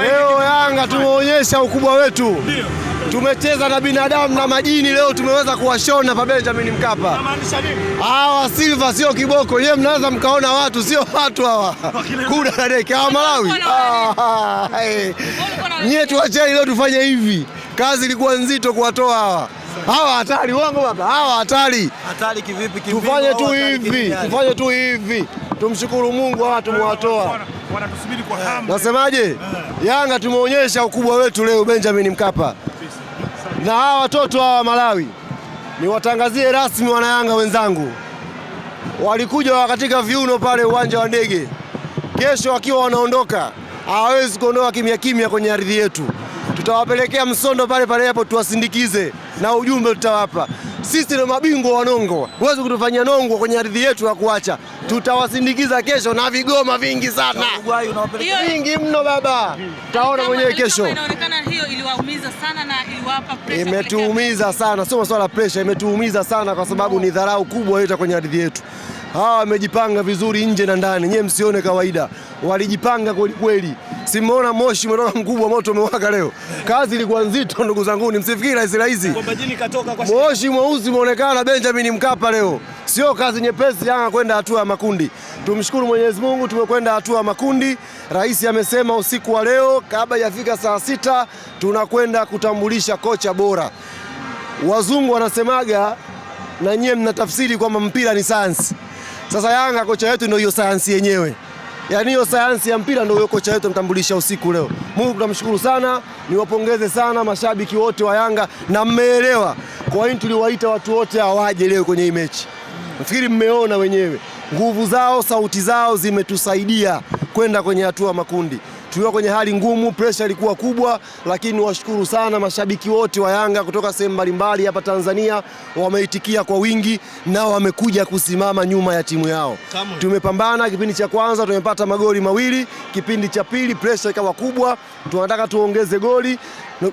Leo Yanga tumeonyesha ukubwa wetu, tumecheza na binadamu na majini, leo tumeweza kuwashona pa Benjamin Mkapa. Hawa Silva sio kiboko, yeye mnaweza mkaona watu sio watu hawa, kuda na deke hawa Malawi ah, eh. nye tuwacheni leo tufanye hivi. Kazi ilikuwa nzito kuwatoa hawa hawa hatari, uongo baba, hawa hatari. Hatari kivipi? Tufanye tu hivi, tufanye tu hivi, tumshukuru Mungu, hawa tumewatoa wanatusubiri kwa hamu. Nasemaje? Eh. Yanga tumeonyesha ukubwa wetu leo Benjamin Mkapa na hawa watoto hawa Malawi niwatangazie rasmi wanayanga wenzangu, walikuja katika viuno pale uwanja wa ndege. Kesho wakiwa wanaondoka, hawawezi kuondoka kimya kimya kwenye ardhi yetu. Tutawapelekea msondo pale pale hapo, tuwasindikize na ujumbe tutawapa. Sisi ndio mabingwa wa nongo. huwezi kutufanyia nongwa kwenye ardhi yetu ya kuacha. Tutawasindikiza kesho na vigoma vingi sana, vingi mno baba, taona mwenyewe kesho. Imetuumiza sana, sio masuala ya imetuumiza sana kwa sababu ni dharau kubwa hiyo kwenye ardhi yetu. Hawa wamejipanga vizuri nje na ndani, nyewe msione kawaida, walijipanga kwelikweli mmeona moshi umetoka mkubwa, moto umewaka leo. Kazi ilikuwa nzito, ndugu zangu, msifikiri rahisi rahisi. Moshi mweusi umeonekana Benjamin Mkapa leo, sio kazi nyepesi. Yanga kwenda hatua ya makundi, tumshukuru Mwenyezi Mungu, tumekwenda hatua ya makundi. Rais amesema usiku wa leo kabla hajafika saa sita tunakwenda kutambulisha kocha bora. Wazungu wanasemaga na nyie mnatafsiri kwamba mpira ni sayansi. Sasa Yanga kocha yetu ndio hiyo sayansi yenyewe. Yaani hiyo sayansi ya mpira ndio huyo kocha wetu mtambulisha usiku leo. Mungu tunamshukuru sana, niwapongeze sana mashabiki wote wa Yanga na mmeelewa. Kwa nini tuliwaita watu wote hawaje leo kwenye hii mechi? Nafikiri mmeona wenyewe. Nguvu zao, sauti zao zimetusaidia kwenda kwenye hatua makundi tulikuwa kwenye hali ngumu, presha ilikuwa kubwa, lakini niwashukuru sana mashabiki wote wa Yanga kutoka sehemu mbalimbali hapa Tanzania, wameitikia kwa wingi na wamekuja kusimama nyuma ya timu yao. Tumepambana kipindi cha kwanza, tumepata magoli mawili. Kipindi cha pili presha ikawa kubwa, tunataka tuongeze goli,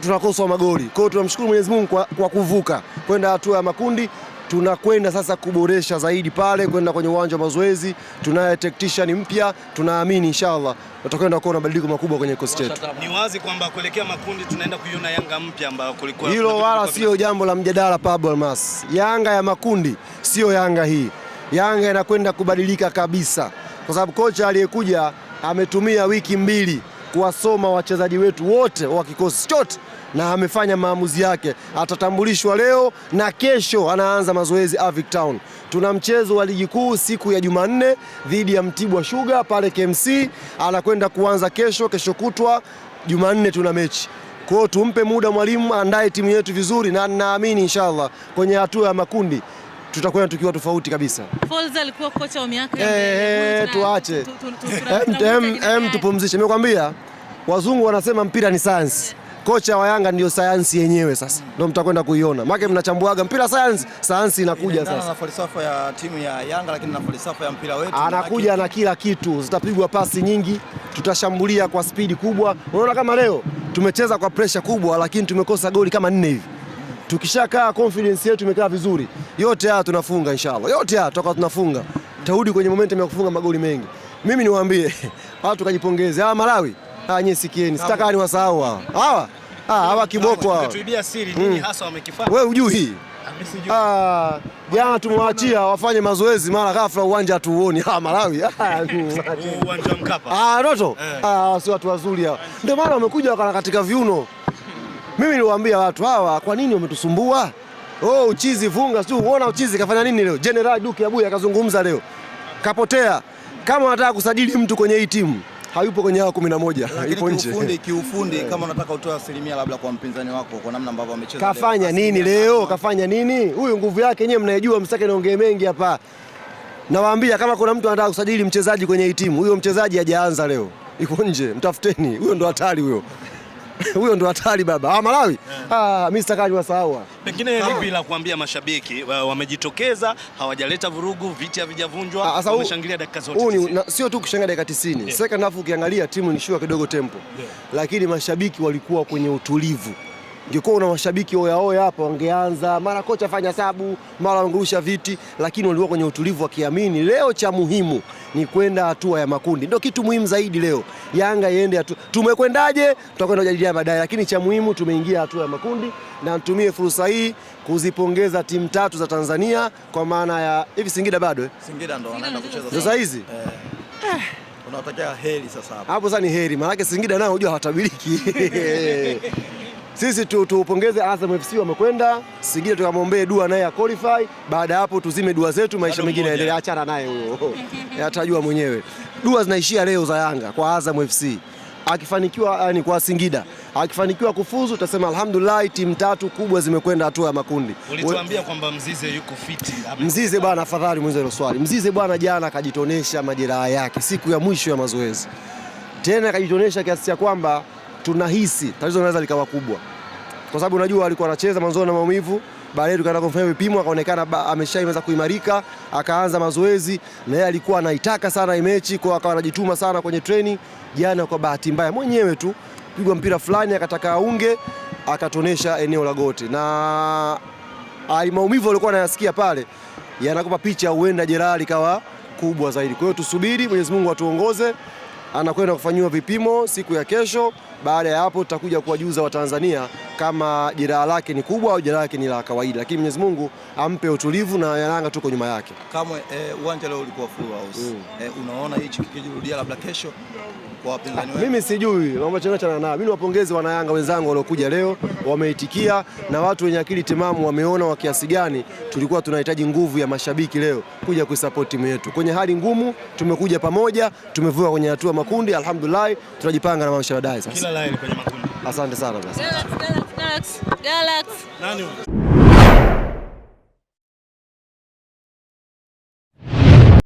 tunakosa magoli. Kwa hiyo tunamshukuru Mwenyezi Mungu kwa, kwa kuvuka kwenda hatua ya makundi tunakwenda sasa kuboresha zaidi pale, kwenda kwenye uwanja wa mazoezi. Tunaye technician mpya, tunaamini inshallah tutakwenda kuona mabadiliko makubwa kwenye kikosi chetu. Ni wazi kwamba kuelekea makundi tunaenda kuiona Yanga mpya ambayo kulikuwa hilo, wala sio jambo la mjadala. Pablo Almas, Yanga ya makundi sio Yanga hii. Yanga inakwenda kubadilika kabisa, kwa sababu kocha aliyekuja ametumia wiki mbili kuwasoma wachezaji wetu wote wa kikosi chote na amefanya maamuzi yake, atatambulishwa leo na kesho anaanza mazoezi Avic Town. Tuna mchezo wa ligi kuu siku ya Jumanne dhidi ya Mtibwa Sugar pale KMC, anakwenda kuanza kesho, kesho kutwa Jumanne tuna mechi. Kwa tumpe muda mwalimu andaye timu yetu vizuri, na naamini inshallah kwenye hatua ya makundi tutakwenda tukiwa tofauti kabisa. Folz alikuwa kocha wa miaka eh, tuache tupumzishe. Nimekwambia wazungu wanasema mpira ni yeah kocha wa Yanga ndio sayansi yenyewe sasa ndio mm. mtakwenda kuiona maana mnachambuaga mpira sayansi, sayansi inakuja sasa. Na falsafa ya timu ya Yanga lakini na falsafa ya mpira wetu. Anakuja na kila kitu, zitapigwa pasi nyingi, tutashambulia kwa spidi kubwa. Unaona kama leo tumecheza kwa pressure kubwa, lakini tumekosa goli kama nne hivi. Tukishakaa confidence yetu imekaa vizuri, yote haya tunafunga inshallah, yote haya tutakuwa tunafunga, tarudi kwenye momentum ya kufunga magoli mengi. Mimi niwaambie watu kajipongeze, hawa Malawi, hawa nyewe sikieni, sitakaa niwasahau hawa hawa Ah, hawa kiboko hawa. Tuibia siri nini hmm. hasa wamekifanya? Wewe hujui. Ah, ah, jana tumwachia wafanye mazoezi mara ghafla uwanja hatuuoni. Ah, Malawi. Ah, uwanja Mkapa. Ah, Roto. Eh. Ah, si watu wazuri hawa. Ndio maana wamekuja wakana katika viuno. Mimi niliwaambia watu hawa kwa nini wametusumbua? Oh, uchizi funga sio uona uchizi kafanya nini leo? General Duke Abuya akazungumza leo. Kapotea. Kama wanataka kusajili mtu kwenye hii timu hayupo kwenye hao 11, ipo nje. Kiufundi, kiufundi kama unataka utoe asilimia labda kwa mpinzani wako kwa namna ambavyo amecheza. Kafanya nini leo? Kafanya nini? Huyu nguvu yake yenyewe mnayejua, msitake niongee mengi hapa. Nawaambia kama kuna mtu anataka kusajili mchezaji kwenye hii timu, huyo mchezaji hajaanza leo. Iko nje, mtafuteni. Huyo ndo hatari huyo. huyo ndo hatari baba. Ah, Malawi yeah. Ah, mimi sitakaji wasahau. Pengine Lipi ah. la kuambia mashabiki wamejitokeza, hawajaleta vurugu, viti havijavunjwa, ah, wameshangilia dakika zote. Sio tu kushangilia dakika 90. Yeah. Second half ukiangalia timu ni shua kidogo tempo. Yeah. Lakini mashabiki walikuwa kwenye utulivu. Ungekuwa una mashabiki oyaoya hapa, wangeanza mara kocha fanya sabu, mara wangerusha viti, lakini walikuwa kwenye utulivu wakiamini leo cha muhimu ni kwenda hatua ya makundi, ndio kitu muhimu zaidi leo. Yanga iende hatua. Tumekwendaje tutakwenda kujadiliana baadaye, lakini cha muhimu tumeingia hatua ya makundi, na nitumie fursa hii kuzipongeza timu tatu za Tanzania kwa maana ya hivi Singida bado eh? Singida ndo wanaenda kucheza sasa hizi eh. Unawatakia heri sasa hapo. Hapo sasa ni heri, maana Singida nao unajua hawatabiliki sisi tuupongeze Azam FC wamekwenda Singida, tukamwombee dua naye ya qualify. Baada ya hapo tuzime dua zetu, maisha mengine yaendelee. Achana naye huyo, atajua mwenyewe. Dua zinaishia leo za Yanga kwa Azam FC akifanikiwa yani, eh, kwa Singida akifanikiwa kufuzu tutasema alhamdulillah, timu tatu kubwa zimekwenda hatua ya makundi. Ulituambia kwamba Mzize yuko fit. Mzize bwana, afadhali mwenzo hilo swali. Mzize bwana, jana akajitonesha majeraha yake siku ya mwisho ya mazoezi, tena akajitonesha kiasi cha kwamba tunahisi tatizo linaweza likawa kubwa, kwa sababu unajua alikuwa anacheza mwanzo na maumivu, baadaye tukaenda kumfanya vipimo akaonekana ameshaanza kuimarika, akaanza mazoezi na yeye alikuwa anaitaka sana hii mechi, kwa akawa anajituma sana kwenye treni. Jana kwa bahati mbaya mwenyewe tu pigwa mpira fulani akataka aunge, akatonesha eneo la goti na ai, maumivu aliyokuwa anayasikia pale yanakupa picha, huenda jeraha likawa kubwa zaidi. Kwa hiyo tusubiri, Mwenyezi Mungu atuongoze anakwenda kufanyiwa vipimo siku ya kesho. Baada ya hapo, tutakuja kuwajuza Watanzania kama jeraha lake ni kubwa au jeraha lake ni la kawaida, lakini Mwenyezi Mungu ampe utulivu na Yanga tuko nyuma yake. Kama eh, uwanja eh, leo ulikuwa full house mm. eh, unaona hichi kikijirudia labda kesho kwa wapinzani ah, wao? Mimi sijui mambo chana chana nao. Mimi niwapongeze wana Yanga wenzangu waliokuja leo, wameitikia na watu wenye akili timamu wameona wa kiasi gani tulikuwa tunahitaji nguvu ya mashabiki leo kuja kuisupport timu yetu kwenye hali ngumu. Tumekuja pamoja, tumevuka kwenye hatua makundi, alhamdulillah, tunajipanga na mashabiki baadaye sasa. Kila la heri kwenye makundi. Asante sana basi. Galaxy, Galaxy, Galaxy. Nani?